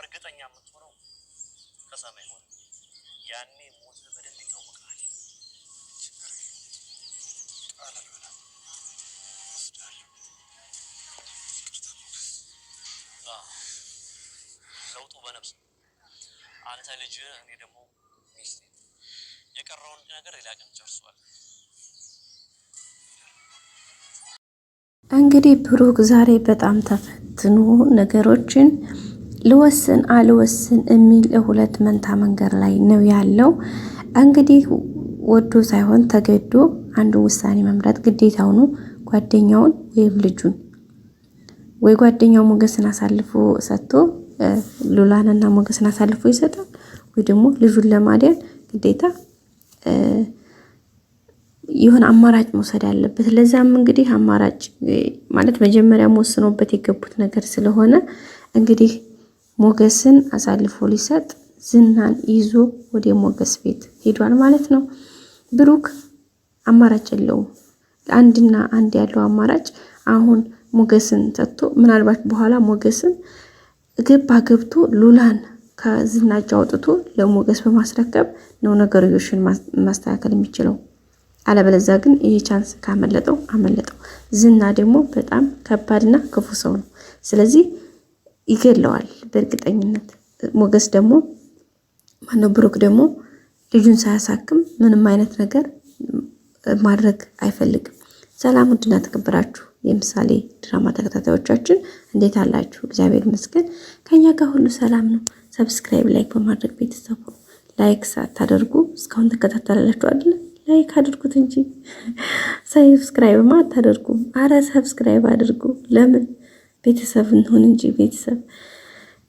እርግጠኛ የምትሆነው ከሰማይ ሆነ። ያኔ ሞት በደንብ ይታወቃል። ለውጡ በነብስ አንተ ልጅ፣ እኔ ደግሞ ሚስቴ። የቀረውን ነገር ሌላ ቀን ጨርሷል። እንግዲህ ብሩክ ዛሬ በጣም ተፈትኖ ነገሮችን ልወስን አልወስን የሚል ሁለት መንታ መንገድ ላይ ነው ያለው። እንግዲህ ወዶ ሳይሆን ተገዶ አንዱ ውሳኔ መምረጥ ግዴታው ነው። ጓደኛውን ወይም ልጁን ወይ ጓደኛው ሞገስን አሳልፎ ሰጥቶ ሉላንና ሞገስን አሳልፎ ይሰጣል፣ ወይ ደግሞ ልጁን ለማዳን ግዴታ የሆነ አማራጭ መውሰድ አለበት። ለዛም እንግዲህ አማራጭ ማለት መጀመሪያ ወስኖበት የገቡት ነገር ስለሆነ እንግዲህ ሞገስን አሳልፎ ሊሰጥ ዝናን ይዞ ወደ ሞገስ ቤት ሄዷል ማለት ነው። ብሩክ አማራጭ የለውም። አንድና አንድ ያለው አማራጭ አሁን ሞገስን ሰጥቶ ምናልባት በኋላ ሞገስን ገባ ገብቶ ሉላን ከዝና እጅ አውጥቶ ለሞገስ በማስረከብ ነው ነገሮችን ማስተካከል የሚችለው። አለበለዚያ ግን ይህ ቻንስ ካመለጠው አመለጠው። ዝና ደግሞ በጣም ከባድና ክፉ ሰው ነው። ስለዚህ ይገለዋል በእርግጠኝነት። ሞገስ ደግሞ ማነው ብሩክ ደግሞ ልጁን ሳያሳክም ምንም አይነት ነገር ማድረግ አይፈልግም። ሰላም ውድና ተከበራችሁ የምሳሌ ድራማ ተከታታዮቻችን እንዴት አላችሁ? እግዚአብሔር ይመስገን ከኛ ጋር ሁሉ ሰላም ነው። ሰብስክራይብ፣ ላይክ በማድረግ ቤተሰቡ ላይክ ሳታደርጉ እስካሁን ተከታተላላችሁ አይደለ? ላይክ አድርጉት እንጂ ሰብስክራይብማ አታደርጉም። አረ ሰብስክራይብ አድርጉ። ለምን ቤተሰብ እንሆን እንጂ ቤተሰብ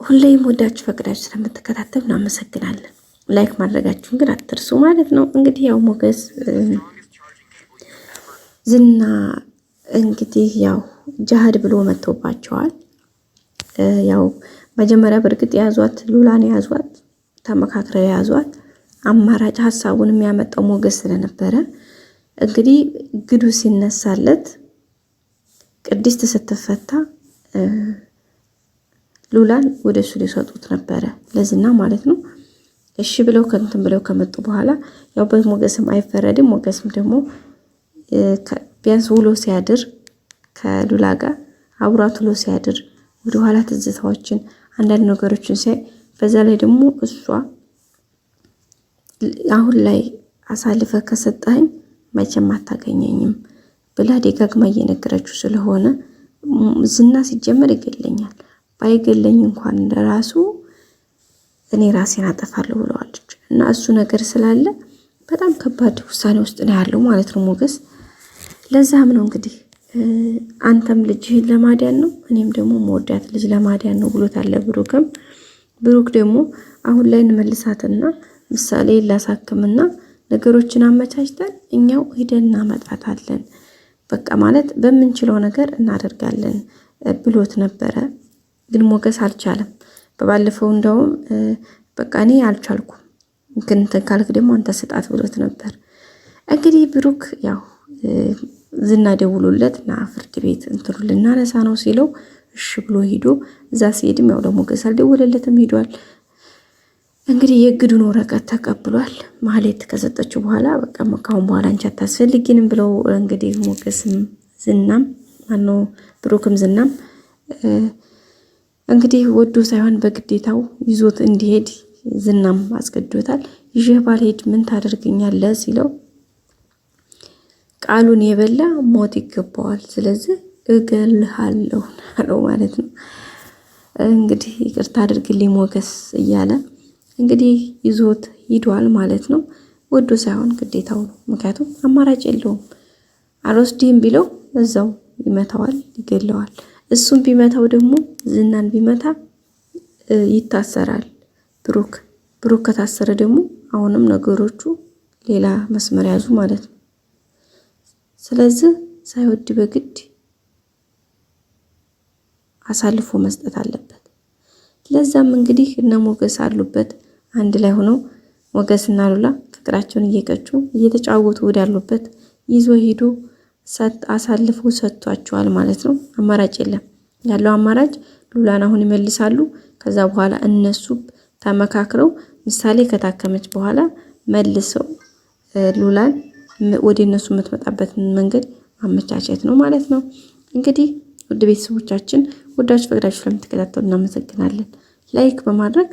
ሁሌም ወዳችሁ ፈቅዳችሁ ስለምትከታተሉ እናመሰግናለን። ላይክ ማድረጋችሁን ግን አትርሱ ማለት ነው። እንግዲህ ያው ሞገስ ዝና እንግዲህ ያው ጃህድ ብሎ መጥቶባቸዋል። ያው መጀመሪያ በእርግጥ የያዟት ሉላን የያዟት ተመካክረው የያዟት አማራጭ ሀሳቡን የሚያመጣው ሞገስ ስለነበረ እንግዲህ ግዱ ሲነሳለት ቅድስት ስትፈታ ሉላን ወደ እሱ ሊሰጡት ነበረ ለዝና ማለት ነው። እሺ ብለው ከንትን ብለው ከመጡ በኋላ ያው በሞገስም አይፈረድም። ሞገስም ደግሞ ቢያንስ ውሎ ሲያድር ከሉላ ጋር አብሯት ውሎ ሲያድር ወደኋላ ትዝታዎችን አንዳንድ ነገሮችን ሲያይ በዛ ላይ ደግሞ እሷ አሁን ላይ አሳልፈ ከሰጠኝ መቼም አታገኘኝም ብላ ደጋግማ እየነገረችው ስለሆነ ዝና ሲጀመር ይገለኛል። ባይገለኝ እንኳን እንደራሱ እኔ ራሴን አጠፋለሁ ብለዋለች እና እሱ ነገር ስላለ በጣም ከባድ ውሳኔ ውስጥ ነው ያለው ማለት ነው ሞገስ። ለዛም ነው እንግዲህ አንተም ልጅህን ለማዳን ነው እኔም ደግሞ መወዳት ልጅ ለማዳን ነው አለ ብሩክም። ብሩክ ደግሞ አሁን ላይ እንመልሳትና ምሳሌ ላሳክምና ነገሮችን አመቻችተን እኛው ሂደን እናመጣታለን በቃ ማለት በምንችለው ነገር እናደርጋለን ብሎት ነበረ። ግን ሞገስ አልቻለም። በባለፈው እንደውም በቃ እኔ አልቻልኩም፣ ግን ካልክ ደግሞ አንተ ስጣት ብሎት ነበር። እንግዲህ ብሩክ ያው ዝና ደውሎለት ና ፍርድ ቤት እንትሩ ልናነሳ ነው ሲለው እሺ ብሎ ሂዶ እዛ ሲሄድም ያው ለሞገስ አልደወለለትም ሂዷል። እንግዲህ የእግዱን ወረቀት ተቀብሏል። ማህሌት ከሰጠችው በኋላ በቃ ካሁን በኋላ አንቺ አታስፈልጊንም ብለው እንግዲህ ሞገስም ዝናም ማኖ ብሩክም ዝናም እንግዲህ ወዶ ሳይሆን በግዴታው ይዞት እንዲሄድ ዝናም አስገድዶታል። ይህ ባልሄድ ምን ታደርገኛለህ ሲለው ቃሉን የበላ ሞት ይገባዋል፣ ስለዚህ እገልሃለሁ ማለት ነው። እንግዲህ ይቅርታ አድርግልኝ ሞገስ እያለ እንግዲህ ይዞት ሂዷል ማለት ነው። ወዶ ሳይሆን ግዴታው ነው። ምክንያቱም አማራጭ የለውም። አልወስድህም ቢለው እዛው ይመታዋል፣ ይገለዋል። እሱም ቢመታው ደግሞ ዝናን ቢመታ ይታሰራል። ብሩክ ብሩክ ከታሰረ ደግሞ አሁንም ነገሮቹ ሌላ መስመር ያዙ ማለት ነው። ስለዚህ ሳይወድ በግድ አሳልፎ መስጠት አለበት። ለዛም እንግዲህ እነ ሞገስ አሉበት። አንድ ላይ ሆኖ ሞገስና ሉላ ፍቅራቸውን እየቀጩ እየተጫወቱ ወዳሉበት ይዞ ሄዶ አሳልፎ ሰጥቷቸዋል ማለት ነው። አማራጭ የለም። ያለው አማራጭ ሉላን አሁን ይመልሳሉ። ከዛ በኋላ እነሱ ተመካክረው ምሳሌ ከታከመች በኋላ መልሰው ሉላን ወደ እነሱ የምትመጣበትን መንገድ ማመቻቸት ነው ማለት ነው። እንግዲህ ውድ ቤተሰቦቻችን ወዳችሁ ፈቅዳችሁ ለምትከታተሉ እናመሰግናለን። ላይክ በማድረግ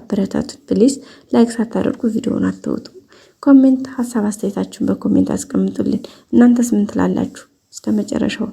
አበረታቱን። ፕሊስ። ላይክ ሳታደርጉ ቪዲዮውን አትወጡ። ኮሜንት ሀሳብ አስተያየታችሁን በኮሜንት አስቀምጡልን። እናንተስ ምን ትላላችሁ? እስከ መጨረሻው